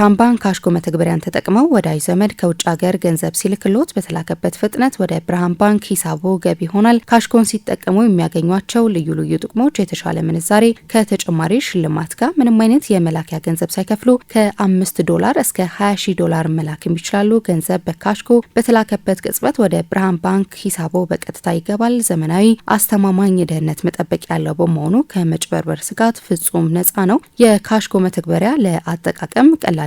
የብርሃን ባንክ ካሽኮ መተግበሪያን ተጠቅመው ወዳጅ ዘመድ ከውጭ ሀገር ገንዘብ ሲልክሎት በተላከበት ፍጥነት ወደ ብርሃን ባንክ ሂሳቦ ገቢ ይሆናል። ካሽጎን ሲጠቀሙ የሚያገኟቸው ልዩ ልዩ ጥቅሞች የተሻለ ምንዛሬ ከተጨማሪ ሽልማት ጋር ምንም አይነት የመላኪያ ገንዘብ ሳይከፍሉ ከአምስት ዶላር እስከ 20 ሺህ ዶላር መላክ የሚችላሉ። ገንዘብ በካሽጎ በተላከበት ቅጽበት ወደ ብርሃን ባንክ ሂሳቦ በቀጥታ ይገባል። ዘመናዊ፣ አስተማማኝ ደህንነት መጠበቅ ያለው በመሆኑ ከመጭበርበር ስጋት ፍጹም ነፃ ነው። የካሽጎ መተግበሪያ ለአጠቃቀም ቀላል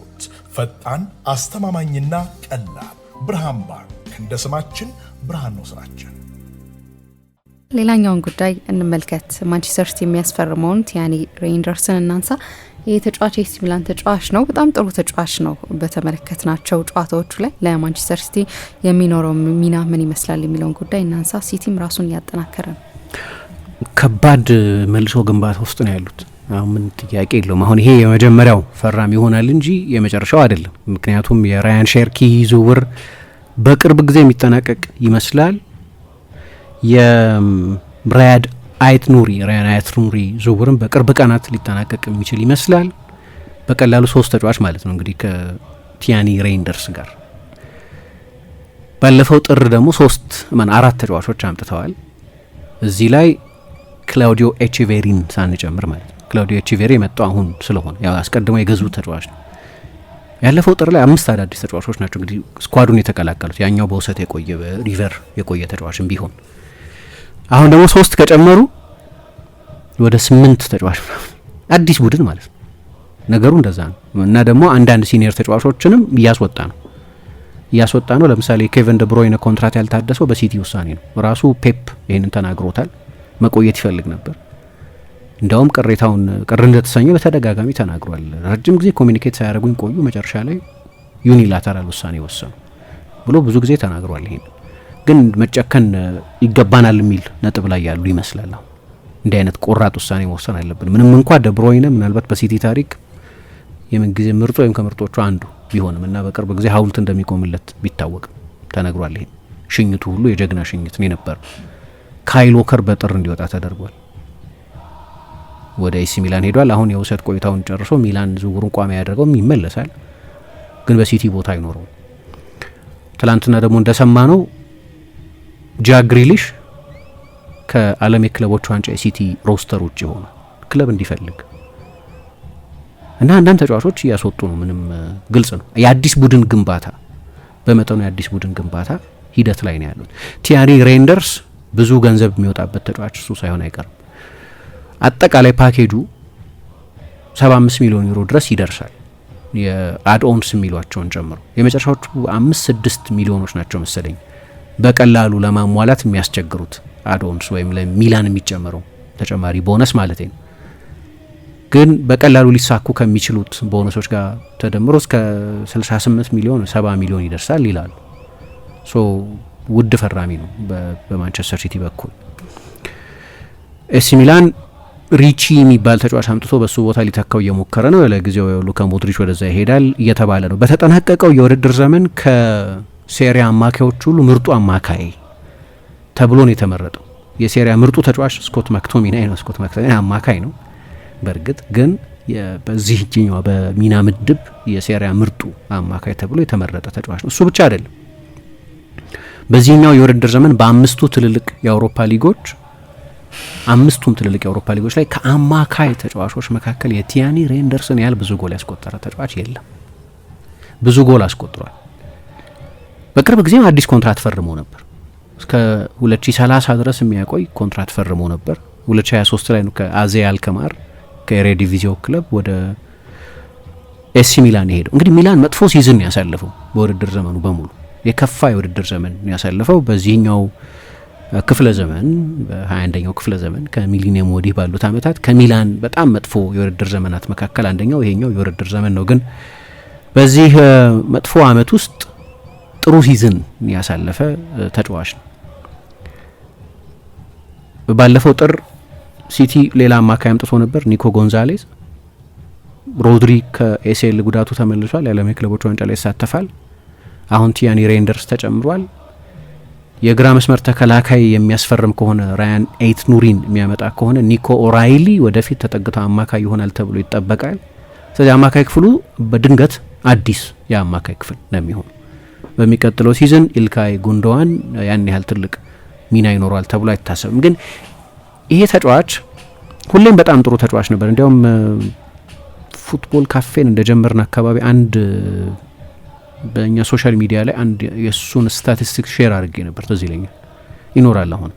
ፈጣን አስተማማኝና ቀላል ብርሃን ባንክ። እንደ ስማችን ብርሃን ነው ስራችን። ሌላኛውን ጉዳይ እንመልከት። ማንቸስተር ሲቲ የሚያስፈርመውን ቲያኒ ሬንደርስን እናንሳ። ይህ ተጫዋች የሲ ሚላን ተጫዋች ነው። በጣም ጥሩ ተጫዋች ነው። በተመለከት ናቸው ጨዋታዎቹ ላይ ለማንቸስተር ሲቲ የሚኖረው ሚና ምን ይመስላል የሚለውን ጉዳይ እናንሳ። ሲቲም ራሱን እያጠናከረ ነው። ከባድ መልሶ ግንባታ ውስጥ ነው ያሉት ምን ጥያቄ የለውም። አሁን ይሄ የመጀመሪያው ፈራም ይሆናል እንጂ የመጨረሻው አይደለም። ምክንያቱም የራያን ሼርኪ ዝውውር በቅርብ ጊዜ የሚጠናቀቅ ይመስላል። የራያድ አይት ኑሪ ራያን አይት ኑሪ ዝውውርም በቅርብ ቀናት ሊጠናቀቅ የሚችል ይመስላል። በቀላሉ ሶስት ተጫዋች ማለት ነው እንግዲህ ከቲያኒ ሬይንደርስ ጋር ባለፈው ጥር ደግሞ ሶስት ማን አራት ተጫዋቾች አምጥተዋል። እዚህ ላይ ክላውዲዮ ኤቼቬሪን ሳንጨምር ማለት ነው። ክላውዲዮ ቺቬሬ የመጣው አሁን ስለሆነ ያው አስቀድሞ የገዙት ተጫዋች ነው። ያለፈው ጥር ላይ አምስት አዳዲስ ተጫዋቾች ናቸው እንግዲህ ስኳዱን የተቀላቀሉት። ያኛው በውሰት የቆየ በሪቨር የቆየ ተጫዋችም ቢሆን አሁን ደግሞ ሶስት ከጨመሩ ወደ ስምንት ተጫዋች አዲስ ቡድን ማለት ነው። ነገሩ እንደዛ ነው እና ደግሞ አንዳንድ ሲኒየር ተጫዋቾችንም እያስወጣ ነው እያስወጣ ነው። ለምሳሌ ኬቨን ደ ብሮይነ ኮንትራት ያልታደሰው በሲቲ ውሳኔ ነው። ራሱ ፔፕ ይህንን ተናግሮታል። መቆየት ይፈልግ ነበር እንዲያውም ቅሬታውን ቅር እንደተሰኘ በተደጋጋሚ ተናግሯል። ረጅም ጊዜ ኮሚኒኬት ሳያደርጉኝ ቆዩ፣ መጨረሻ ላይ ዩኒላተራል ውሳኔ ወሰኑ ብሎ ብዙ ጊዜ ተናግሯል። ይሄን ግን መጨከን ይገባናል የሚል ነጥብ ላይ ያሉ ይመስላል። እንዲህ አይነት ቆራጥ ውሳኔ መወሰን አለብን። ምንም እንኳ ደብሮይነ ምናልባት በሲቲ ታሪክ የምንጊዜ ጊዜ ወይም ከምርጦቹ አንዱ ቢሆንም እና በቅርብ ጊዜ ሀውልት እንደሚቆምለት ቢታወቅም ተነግሯል። ይሄን ሽኝቱ ሁሉ የጀግና ሽኝት ነው የነበር። ካይል ዎከር በጥር እንዲወጣ ተደርጓል። ወደ ኤሲ ሚላን ሄዷል። አሁን የውሰት ቆይታውን ጨርሶ ሚላን ዝውውሩን ቋሚ ያደርገውም ይመለሳል፣ ግን በሲቲ ቦታ አይኖረውም። ትላንትና ደግሞ እንደሰማ ነው ጃክ ግሪሊሽ ከዓለም የክለቦች ዋንጫ የሲቲ ሮስተር ውጭ ይሆናል ክለብ እንዲፈልግ እና አንዳንድ ተጫዋቾች እያስወጡ ነው። ምንም ግልጽ ነው። የአዲስ ቡድን ግንባታ በመጠኑ የአዲስ ቡድን ግንባታ ሂደት ላይ ነው ያሉት። ቲያሪ ሬንደርስ ብዙ ገንዘብ የሚወጣበት ተጫዋች እሱ ሳይሆን አይቀርም። አጠቃላይ ፓኬጁ 75 ሚሊዮን ዩሮ ድረስ ይደርሳል። የአድኦንስ የሚሏቸውን ጨምሮ የመጨረሻዎቹ አምስት ስድስት ሚሊዮኖች ናቸው መሰለኝ በቀላሉ ለማሟላት የሚያስቸግሩት አድኦንስ ወይም ለሚላን የሚጨምረው ተጨማሪ ቦነስ ማለት ነው። ግን በቀላሉ ሊሳኩ ከሚችሉት ቦነሶች ጋር ተደምሮ እስከ 68 ሚሊዮን 70 ሚሊዮን ይደርሳል ይላሉ። ሶ ውድ ፈራሚ ነው በማንቸስተር ሲቲ በኩል ኤሲ ሚላን ሪቺ የሚባል ተጫዋች አምጥቶ በሱ ቦታ ሊተካው እየሞከረ ነው። ለጊዜው ሉካ ሞድሪች ወደዛ ይሄዳል እየተባለ ነው። በተጠናቀቀው የውድድር ዘመን ከሴሪያ አማካዮች ሁሉ ምርጡ አማካይ ተብሎ ነው የተመረጠው። የሴሪያ ምርጡ ተጫዋች ስኮት ማክቶሚናይ ነው። ስኮት ማክቶሚናይ አማካይ ነው። በእርግጥ ግን በዚህ እጅኛ በሚና ምድብ የሴሪያ ምርጡ አማካይ ተብሎ የተመረጠ ተጫዋች ነው። እሱ ብቻ አይደለም። በዚህኛው የውድድር ዘመን በአምስቱ ትልልቅ የአውሮፓ ሊጎች አምስቱም ትልልቅ የአውሮፓ ሊጎች ላይ ከአማካይ ተጫዋቾች መካከል የቲያኒ ሬንደርስን ያህል ብዙ ጎል ያስቆጠረ ተጫዋች የለም። ብዙ ጎል አስቆጥሯል። በቅርብ ጊዜም አዲስ ኮንትራት ፈርሞ ነበር። እስከ 2030 ድረስ የሚያቆይ ኮንትራት ፈርሞ ነበር። 2023 ላይ ነው ከአዜ አልከማር ከኤሬዲቪዚዮ ክለብ ወደ ኤሲ ሚላን የሄደው። እንግዲህ ሚላን መጥፎ ሲዝን ያሳለፈው በውድድር ዘመኑ በሙሉ የከፋ የውድድር ዘመን ያሳለፈው በዚህኛው ክፍለ ዘመን በ21ኛው ክፍለ ዘመን ከሚሊኒየም ወዲህ ባሉት አመታት ከሚላን በጣም መጥፎ የውድድር ዘመናት መካከል አንደኛው ይሄኛው የውድድር ዘመን ነው። ግን በዚህ መጥፎ አመት ውስጥ ጥሩ ሲዝን ያሳለፈ ተጫዋች ነው። ባለፈው ጥር ሲቲ ሌላ አማካይ አምጥቶ ነበር፣ ኒኮ ጎንዛሌዝ። ሮድሪ ከኤሲኤል ጉዳቱ ተመልሷል። የዓለም የክለቦች ዋንጫ ላይ ይሳተፋል። አሁን ቲያኒ ሬንደርስ ተጨምሯል። የግራ መስመር ተከላካይ የሚያስፈርም ከሆነ ራያን ኤይት ኑሪን የሚያመጣ ከሆነ ኒኮ ኦራይሊ ወደፊት ተጠግቶ አማካይ ይሆናል ተብሎ ይጠበቃል። ስለዚህ አማካይ ክፍሉ በድንገት አዲስ የአማካይ ክፍል ነው የሚሆኑ። በሚቀጥለው ሲዝን ኢልካይ ጉንዶዋን ያን ያህል ትልቅ ሚና ይኖረዋል ተብሎ አይታሰብም። ግን ይሄ ተጫዋች ሁሌም በጣም ጥሩ ተጫዋች ነበር። እንዲያውም ፉትቦል ካፌን እንደጀመርን አካባቢ አንድ በእኛ ሶሻል ሚዲያ ላይ አንድ የእሱን ስታቲስቲክ ሼር አድርጌ ነበር። ትዝ ይለኛል ይኖራል አሁን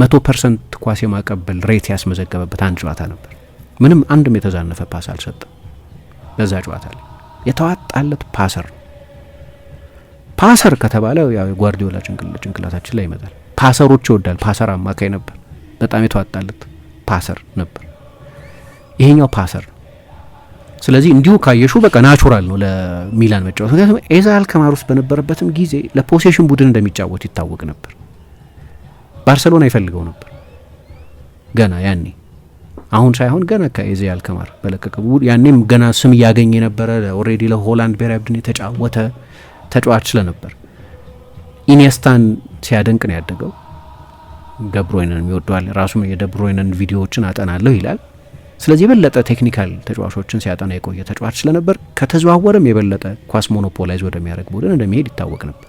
መቶ ፐርሰንት ኳስ የማቀበል ሬት ያስመዘገበበት አንድ ጨዋታ ነበር። ምንም አንድም የተዛነፈ ፓስ አልሰጠም። በዛ ጨዋታ ላይ የተዋጣለት ፓሰር ነው። ፓሰር ከተባለ ያው የጓርዲዮላ ጭንቅላታችን ላይ ይመጣል። ፓሰሮች ይወዳል። ፓሰር አማካይ ነበር። በጣም የተዋጣለት ፓሰር ነበር። ይሄኛው ፓሰር ስለዚህ እንዲሁ ካየሹ በቃ ናቹራል ነው ለሚላን መጫወት። ምክንያቱም ኤዛ አልከማሩስ በነበረበትም ጊዜ ለፖሴሽን ቡድን እንደሚጫወት ይታወቅ ነበር። ባርሰሎና ይፈልገው ነበር ገና ያኔ፣ አሁን ሳይሆን ገና ከኤዜ አልከማር በለቀቀ ያኔም ገና ስም እያገኘ የነበረ ኦልሬዲ ለሆላንድ ብሔራዊ ቡድን የተጫወተ ተጫዋች ስለነበር ኢኒየስታን ሲያደንቅ ነው ያደገው። ደብሮይነን የሚወደዋል። ራሱም የደብሮይነን ቪዲዮዎችን አጠናለሁ ይላል። ስለዚህ የበለጠ ቴክኒካል ተጫዋቾችን ሲያጠና የቆየ ተጫዋች ስለነበር ከተዘዋወረም የበለጠ ኳስ ሞኖፖላይዝ ወደሚያደርግ ቡድን እንደሚሄድ ይታወቅ ነበር።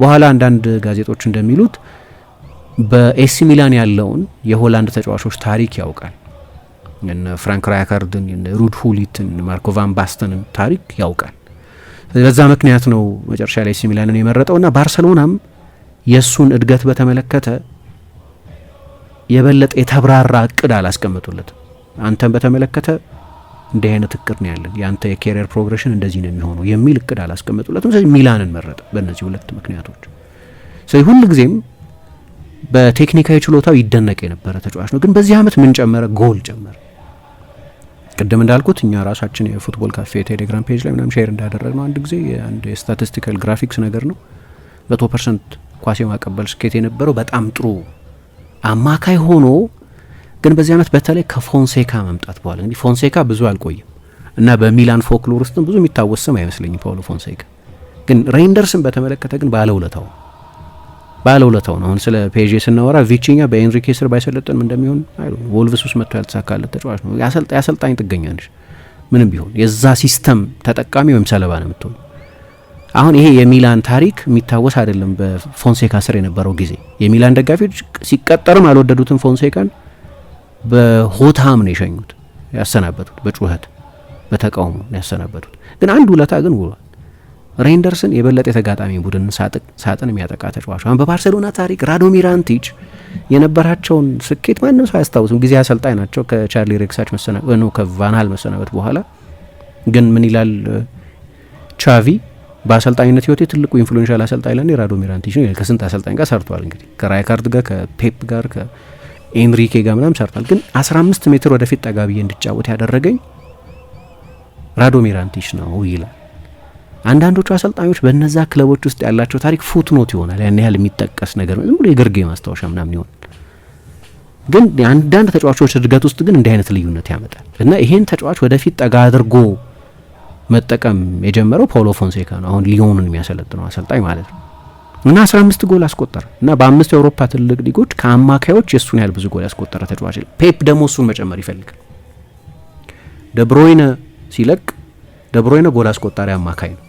በኋላ አንዳንድ ጋዜጦች እንደሚሉት በኤሲ ሚላን ያለውን የሆላንድ ተጫዋቾች ታሪክ ያውቃል። እነ ፍራንክ ራይካርድን፣ ሩድ ሁሊትን፣ ማርኮ ቫን ባስተንን ታሪክ ያውቃል። በዛ ምክንያት ነው መጨረሻ ላይ ኤሲ ሚላንን የመረጠው እና ባርሰሎናም የእሱን እድገት በተመለከተ የበለጠ የተብራራ እቅድ አላስቀመጡለትም። አንተን በተመለከተ እንዲህ አይነት እቅድ ነው ያለን፣ የአንተ የኬሪየር ፕሮግሬሽን እንደዚህ ነው የሚሆነው የሚል እቅድ አላስቀመጡለትም። ስለዚህ ሚላንን መረጠ በእነዚህ ሁለት ምክንያቶች። ስለዚህ ሁል ጊዜም በቴክኒካዊ ችሎታው ይደነቅ የነበረ ተጫዋች ነው። ግን በዚህ ዓመት ምን ጨመረ? ጎል ጨመረ። ቅድም እንዳልኩት እኛ ራሳችን የፉትቦል ካፌ ቴሌግራም ፔጅ ላይ ምናም ሼር እንዳደረግ ነው አንድ ጊዜ አንድ የስታቲስቲካል ግራፊክስ ነገር ነው። መቶ ፐርሰንት ኳስ የማቀበል ስኬት የነበረው በጣም ጥሩ አማካይ ሆኖ ግን በዚህ ዓመት በተለይ ከፎንሴካ መምጣት በኋላ እንግዲህ ፎንሴካ ብዙ አልቆይም እና በሚላን ፎክሎር ውስጥም ብዙ የሚታወስ ስም አይመስለኝም ፓውሎ ፎንሴካ። ግን ሬንደርስን በተመለከተ ግን ባለውለታው ነው ባለውለታው ነው። አሁን ስለ ፔዤ ስናወራ ቪቺኛ በኤንሪኬ ስር ባይሰለጥንም እንደሚሆን አይ ወልቭስ ውስጥ መጥቶ ያልተሳካለት ተጫዋች ነው። የአሰልጣኝ ጥገኛ ነሽ ምንም ቢሆን የዛ ሲስተም ተጠቃሚ ወይም ሰለባ ነው የምትሆኑ አሁን ይሄ የሚላን ታሪክ የሚታወስ አይደለም። በፎንሴካ ስር የነበረው ጊዜ የሚላን ደጋፊዎች ሲቀጠርም አልወደዱትም። ፎንሴካን በሆታም ነው የሸኙት ያሰናበቱት፣ በጩኸት በተቃውሞ ያሰናበቱት። ግን አንድ ውለታ ግን ውሏል። ሬንደርስን የበለጠ የተጋጣሚ ቡድን ሳጥን የሚያጠቃ ተጫዋች አሁን በባርሴሎና ታሪክ ራዶሚር አንቲች የነበራቸውን ስኬት ማንም ሰው አያስታውስም። ጊዜ አሰልጣኝ ናቸው ከቻርሊ ሬክሳች መሰና ከቫናል መሰናበት በኋላ ግን ምን ይላል ቻቪ በአሰልጣኝነት ህይወቴ ትልቁ ኢንፍሉዌንሻል አሰልጣኝ ለኔ ራዶሚር አንቲች ነው። ከስንት አሰልጣኝ ጋር ሰርቷል እንግዲህ ከራይካርድ ጋር ከፔፕ ጋር ከኤንሪኬ ጋር ምናም ሰርቷል። ግን 15 ሜትር ወደፊት ጠጋ ብዬ እንድጫወት ያደረገኝ ራዶ አንቲች ነው ይላል። አንዳንዶቹ አሰልጣኞች በነዛ ክለቦች ውስጥ ያላቸው ታሪክ ፉትኖት ይሆናል። ያን ያህል የሚጠቀስ ነገር ዝም ብሎ የግርጌ ማስታወሻ ምናምን ይሆናል። ግን የአንዳንድ ተጫዋቾች እድገት ውስጥ ግን እንዲህ አይነት ልዩነት ያመጣል እና ይሄን ተጫዋች ወደፊት ጠጋ አድርጎ መጠቀም የጀመረው ፓውሎ ፎንሴካ ነው። አሁን ሊዮኑን የሚያሰለጥነው አሰልጣኝ ማለት ነው እና 15 ጎል አስቆጠረ እና በአምስት የአውሮፓ ትልቅ ሊጎች ከአማካዮች የእሱን ያህል ብዙ ጎል ያስቆጠረ ተጫዋች ፔፕ ደግሞ እሱን መጨመር ይፈልጋል። ደብሮይነ ሲለቅ ደብሮይነ ጎል አስቆጣሪ አማካይ ነው።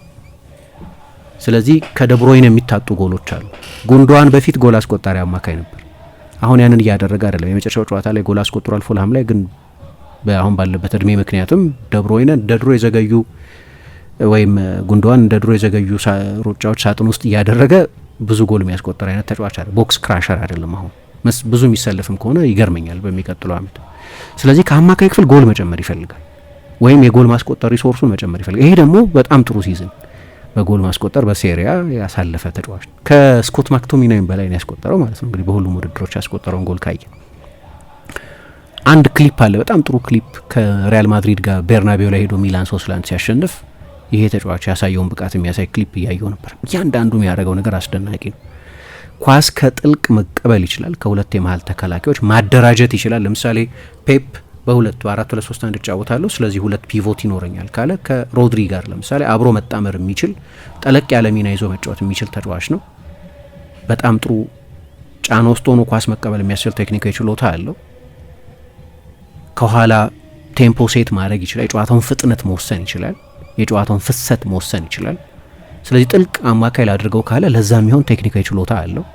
ስለዚህ ከደብሮይነ የሚታጡ ጎሎች አሉ። ጉንዷን በፊት ጎል አስቆጣሪ አማካይ ነበር። አሁን ያንን እያደረገ አይደለም። የመጨረሻው ጨዋታ ላይ ጎል አስቆጥሯል ፉልሃም ላይ ግን አሁን ባለበት እድሜ ምክንያትም ደብሮይነ ደድሮ የዘገዩ ወይም ጉንዶዋን እንደ ድሮ የዘገዩ ሩጫዎች ሳጥን ውስጥ እያደረገ ብዙ ጎል የሚያስቆጠር አይነት ተጫዋች አለ። ቦክስ ክራሸር አይደለም። አሁን ብዙ የሚሰልፍም ከሆነ ይገርመኛል በሚቀጥለው ዓመት። ስለዚህ ከአማካይ ክፍል ጎል መጨመር ይፈልጋል፣ ወይም የጎል ማስቆጠር ሪሶርሱን መጨመር ይፈልጋል። ይሄ ደግሞ በጣም ጥሩ ሲዝን በጎል ማስቆጠር በሴሪያ ያሳለፈ ተጫዋች ነው። ከስኮት ማክቶሚናይም በላይ ነው ያስቆጠረው ማለት ነው። እንግዲህ በሁሉም ውድድሮች ያስቆጠረውን ጎል ካየ አንድ ክሊፕ አለ፣ በጣም ጥሩ ክሊፕ ከሪያል ማድሪድ ጋር ቤርናቤው ላይ ሄዶ ሚላን ሶስት ለአንድ ሲያሸንፍ ይሄ ተጫዋች ያሳየውን ብቃት የሚያሳይ ክሊፕ እያየው ነበር። እያንዳንዱ የሚያደረገው ነገር አስደናቂ ነው። ኳስ ከጥልቅ መቀበል ይችላል። ከሁለት የመሀል ተከላካዮች ማደራጀት ይችላል። ለምሳሌ ፔፕ በሁለቱ አራት ሁለት ሶስት አንድ እጫወታለሁ፣ ስለዚህ ሁለት ፒቮት ይኖረኛል ካለ ከሮድሪ ጋር ለምሳሌ አብሮ መጣመር የሚችል ጠለቅ ያለ ሚና ይዞ መጫወት የሚችል ተጫዋች ነው። በጣም ጥሩ ጫና ውስጥ ሆኖ ኳስ መቀበል የሚያስችል ቴክኒካዊ ችሎታ አለው። ከኋላ ቴምፖ ሴት ማድረግ ይችላል። የጨዋታውን ፍጥነት መወሰን ይችላል። የጨዋታውን ፍሰት መወሰን ይችላል። ስለዚህ ጥልቅ አማካይ ላድርገው ካለ ለዛ የሚሆን ቴክኒካዊ ችሎታ አለው።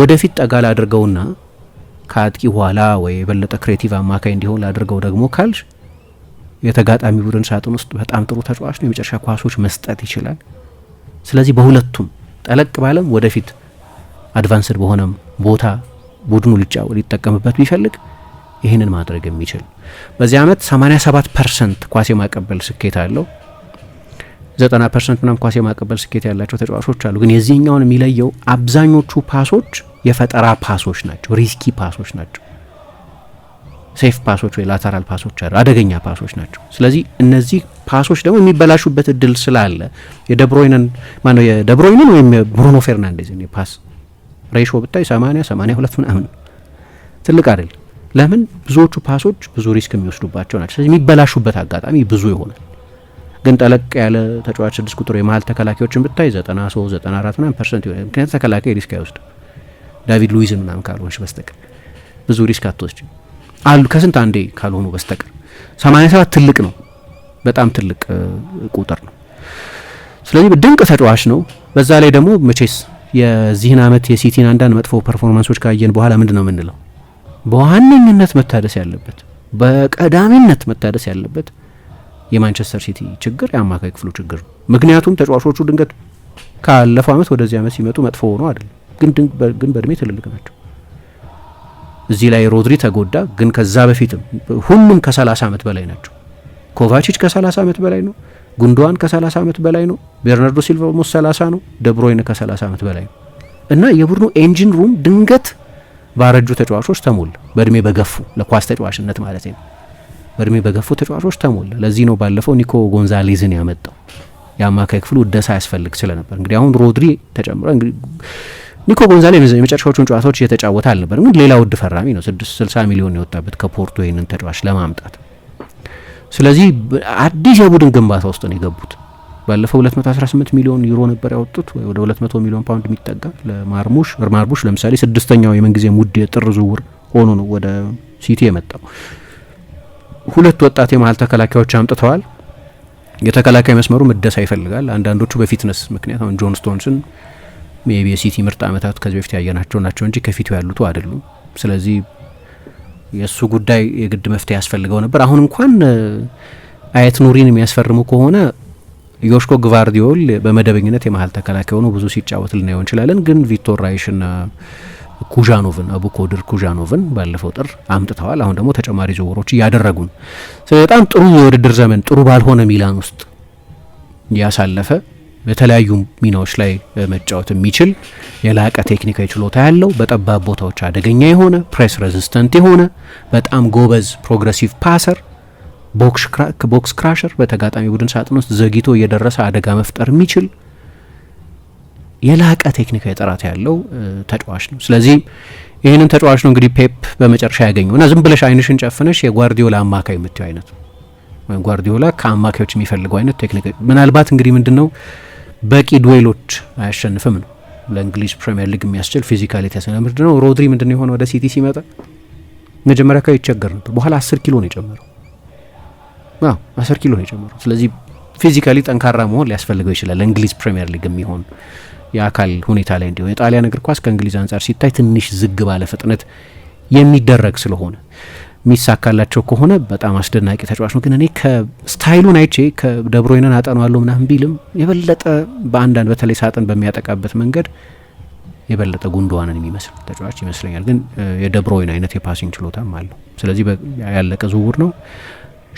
ወደፊት ጠጋ ላድርገውና ከአጥቂ ኋላ ወይ የበለጠ ክሬቲቭ አማካይ እንዲሆን ላድርገው ደግሞ ካልሽ የተጋጣሚ ቡድን ሳጥን ውስጥ በጣም ጥሩ ተጫዋች ነው። የመጨረሻ ኳሶች መስጠት ይችላል። ስለዚህ በሁለቱም ጠለቅ ባለም ወደፊት አድቫንስድ በሆነም ቦታ ቡድኑ ሊጫወት ሊጠቀምበት ቢፈልግ ይህንን ማድረግ የሚችል በዚህ አመት 87 ፐርሰንት ኳስ የማቀበል ስኬት አለው። 90 ፐርሰንት ምናምን ኳስ የማቀበል ስኬት ያላቸው ተጫዋቾች አሉ። ግን የዚህኛውን የሚለየው አብዛኞቹ ፓሶች የፈጠራ ፓሶች ናቸው፣ ሪስኪ ፓሶች ናቸው፣ ሴፍ ፓሶች ወይ ላተራል ፓሶች አሉ፣ አደገኛ ፓሶች ናቸው። ስለዚህ እነዚህ ፓሶች ደግሞ የሚበላሹበት እድል ስላለ የደብሮይነን ማነው የደብሮይነን ወይም የብሩኖ ፌርናንዴዝ ፓስ ሬሾ ብታይ 80 82 ምናምን ትልቅ አይደል? ለምን ብዙዎቹ ፓሶች ብዙ ሪስክ የሚወስዱባቸው ናቸው። ስለዚህ የሚበላሹበት አጋጣሚ ብዙ ይሆናል። ግን ጠለቅ ያለ ተጫዋች ስድስት ቁጥር የመሀል ተከላካዮችን ብታይ ዘጠና ሶ ዘጠና አራት ምናምን ፐርሰንት ይሆናል። ምክንያቱ ተከላካይ ሪስክ አይወስድም። ዳቪድ ሉዊዝን ምናምን ካልሆንሽ በስተቀር ብዙ ሪስክ አትወስድ አሉ ከስንት አንዴ ካልሆኑ በስተቀር ሰማኒያ ሰባት ትልቅ ነው፣ በጣም ትልቅ ቁጥር ነው። ስለዚህ ድንቅ ተጫዋች ነው። በዛ ላይ ደግሞ መቼስ የዚህን አመት የሲቲን አንዳንድ መጥፎ ፐርፎርማንሶች ካየን በኋላ ምንድን ነው የምንለው? በዋነኝነት መታደስ ያለበት በቀዳሚነት መታደስ ያለበት የማንቸስተር ሲቲ ችግር የአማካይ ክፍሉ ችግር ነው። ምክንያቱም ተጫዋቾቹ ድንገት ካለፈው አመት ወደዚህ አመት ሲመጡ መጥፎ ሆኖ አይደለም፣ ግን በእድሜ ትልልቅ ናቸው። እዚህ ላይ ሮድሪ ተጎዳ፣ ግን ከዛ በፊትም ሁሉም ከ30 አመት በላይ ናቸው። ኮቫቺች ከ30 አመት በላይ ነው። ጉንዶዋን ከ30 አመት በላይ ነው። ቤርናርዶ ሲልቫ ሞስ 30 ነው። ደብሮይነ ከ30 አመት በላይ ነው እና የቡድኑ ኤንጂን ሩም ድንገት ባረጁ ተጫዋቾች ተሞል፣ በእድሜ በገፉ ለኳስ ተጫዋችነት ማለት ነው። በእድሜ በገፉ ተጫዋቾች ተሞል። ለዚህ ነው ባለፈው ኒኮ ጎንዛሌዝን ያመጣው። የአማካይ ክፍሉ እደሳ ያስፈልግ ስለነበር እንግዲህ አሁን ሮድሪ ተጨምሮ እንግዲህ ኒኮ ጎንዛሌ የመጨረሻዎቹን ጨዋታዎች እየተጫወተ አልነበር፣ ግን ሌላ ውድ ፈራሚ ነው። ስድስት ስልሳ ሚሊዮን የወጣበት ከፖርቶ ይህንን ተጫዋች ለማምጣት ስለዚህ አዲስ የቡድን ግንባታ ውስጥ ነው የገቡት። ባለፈው 218 ሚሊዮን ዩሮ ነበር ያወጡት ወይ ወደ 200 ሚሊዮን ፓውንድ የሚጠጋ ለማርሙሽ። ማርሙሽ ለምሳሌ ስድስተኛው የምንጊዜም ውድ የጥር ዝውውር ሆኖ ነው ወደ ሲቲ የመጣው። ሁለት ወጣት የመሀል ተከላካዮች አምጥተዋል። የተከላካይ መስመሩ መደሳ ይፈልጋል። አንዳንዶቹ በፊትነስ ምክንያት አሁን ጆን ስቶንስን ሜቢ የሲቲ ምርጥ አመታት ከዚህ በፊት ያየናቸው ናቸው እንጂ ከፊቱ ያሉት አይደሉም። ስለዚህ የእሱ ጉዳይ የግድ መፍትሄ ያስፈልገው ነበር። አሁን እንኳን አየት ኑሪን የሚያስፈርሙ ከሆነ ዮሽኮ ግቫርዲዮል በመደበኝነት የመሀል ተከላካይ ሆኖ ብዙ ሲጫወት ልናየው እንችላለን። ግን ቪክቶር ራይሽና ኩዣኖቭን አቡኮድር ኩዣኖቭን ባለፈው ጥር አምጥተዋል። አሁን ደግሞ ተጨማሪ ዝውውሮች እያደረጉን በጣም ጥሩ የውድድር ዘመን ጥሩ ባልሆነ ሚላን ውስጥ ያሳለፈ በተለያዩ ሚናዎች ላይ መጫወት የሚችል የላቀ ቴክኒካዊ ችሎታ ያለው በጠባብ ቦታዎች አደገኛ የሆነ ፕሬስ ሬዚስተንት የሆነ በጣም ጎበዝ ፕሮግረሲቭ ፓሰር ቦክስ ክራሸር በተጋጣሚ ቡድን ሳጥን ውስጥ ዘግይቶ እየደረሰ አደጋ መፍጠር የሚችል የላቀ ቴክኒካዊ ጥራት ያለው ተጫዋች ነው። ስለዚህ ይህንን ተጫዋች ነው እንግዲህ ፔፕ በመጨረሻ ያገኘው እና ዝም ብለሽ አይንሽን ጨፍነሽ የጓርዲዮላ አማካይ የምትው አይነት ወይም ጓርዲዮላ ከአማካዮች የሚፈልገው አይነት ቴክኒክ ምናልባት እንግዲህ ምንድን ነው በቂ ዱዌሎች አያሸንፍም ነው ለእንግሊዝ ፕሪምየር ሊግ የሚያስችል ፊዚካሊቲ ያሰነ ምንድን ነው ሮድሪ ምንድን ነው የሆነ ወደ ሲቲ ሲመጣ መጀመሪያ ካ ይቸገር ነበር። በኋላ አስር ኪሎ ነው የጨመረው አስር ኪሎ ነው የጨመረው። ስለዚህ ፊዚካሊ ጠንካራ መሆን ሊያስፈልገው ይችላል። ለእንግሊዝ ፕሪሚየር ሊግ የሚሆን የአካል ሁኔታ ላይ እንዲሆን የጣሊያን እግር ኳስ ከእንግሊዝ አንጻር ሲታይ ትንሽ ዝግ ባለ ፍጥነት የሚደረግ ስለሆነ የሚሳካላቸው ከሆነ በጣም አስደናቂ ተጫዋች ነው። ግን እኔ ከስታይሉን አይቼ ከደብሮይነን አጠናዋለሁ ምናምን ቢልም የበለጠ በአንዳንድ በተለይ ሳጥን በሚያጠቃበት መንገድ የበለጠ ጉንዶዋንን የሚመስል ተጫዋች ይመስለኛል። ግን የደብሮይን አይነት የፓሲንግ ችሎታም አለው። ስለዚህ ያለቀ ዝውውር ነው።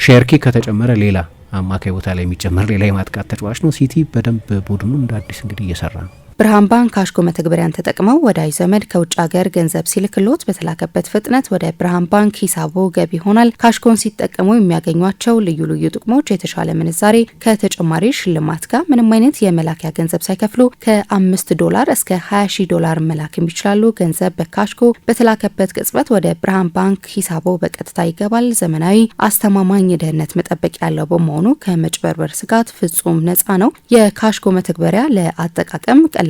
ሼርኪ ከተጨመረ ሌላ አማካይ ቦታ ላይ የሚጨመር ሌላ የማጥቃት ተጫዋች ነው። ሲቲ በደንብ ቡድኑ እንደ አዲስ እንግዲህ እየሰራ ነው። ብርሃን ባንክ ካሽጎ መተግበሪያን ተጠቅመው ወዳጅ ዘመድ ከውጭ ሀገር ገንዘብ ሲልክሎት በተላከበት ፍጥነት ወደ ብርሃን ባንክ ሂሳቦ ገቢ ይሆናል። ካሽጎን ሲጠቀሙ የሚያገኟቸው ልዩ ልዩ ጥቅሞች የተሻለ ምንዛሬ ከተጨማሪ ሽልማት ጋር ምንም አይነት የመላኪያ ገንዘብ ሳይከፍሉ ከአምስት ዶላር እስከ 20 ሺህ ዶላር መላክም ይችላሉ። ገንዘብ በካሽጎ በተላከበት ቅጽበት ወደ ብርሃን ባንክ ሂሳቦ በቀጥታ ይገባል። ዘመናዊ፣ አስተማማኝ ደህንነት መጠበቅ ያለው በመሆኑ ከመጭበርበር ስጋት ፍጹም ነጻ ነው። የካሽጎ መተግበሪያ ለአጠቃቀም ቀላል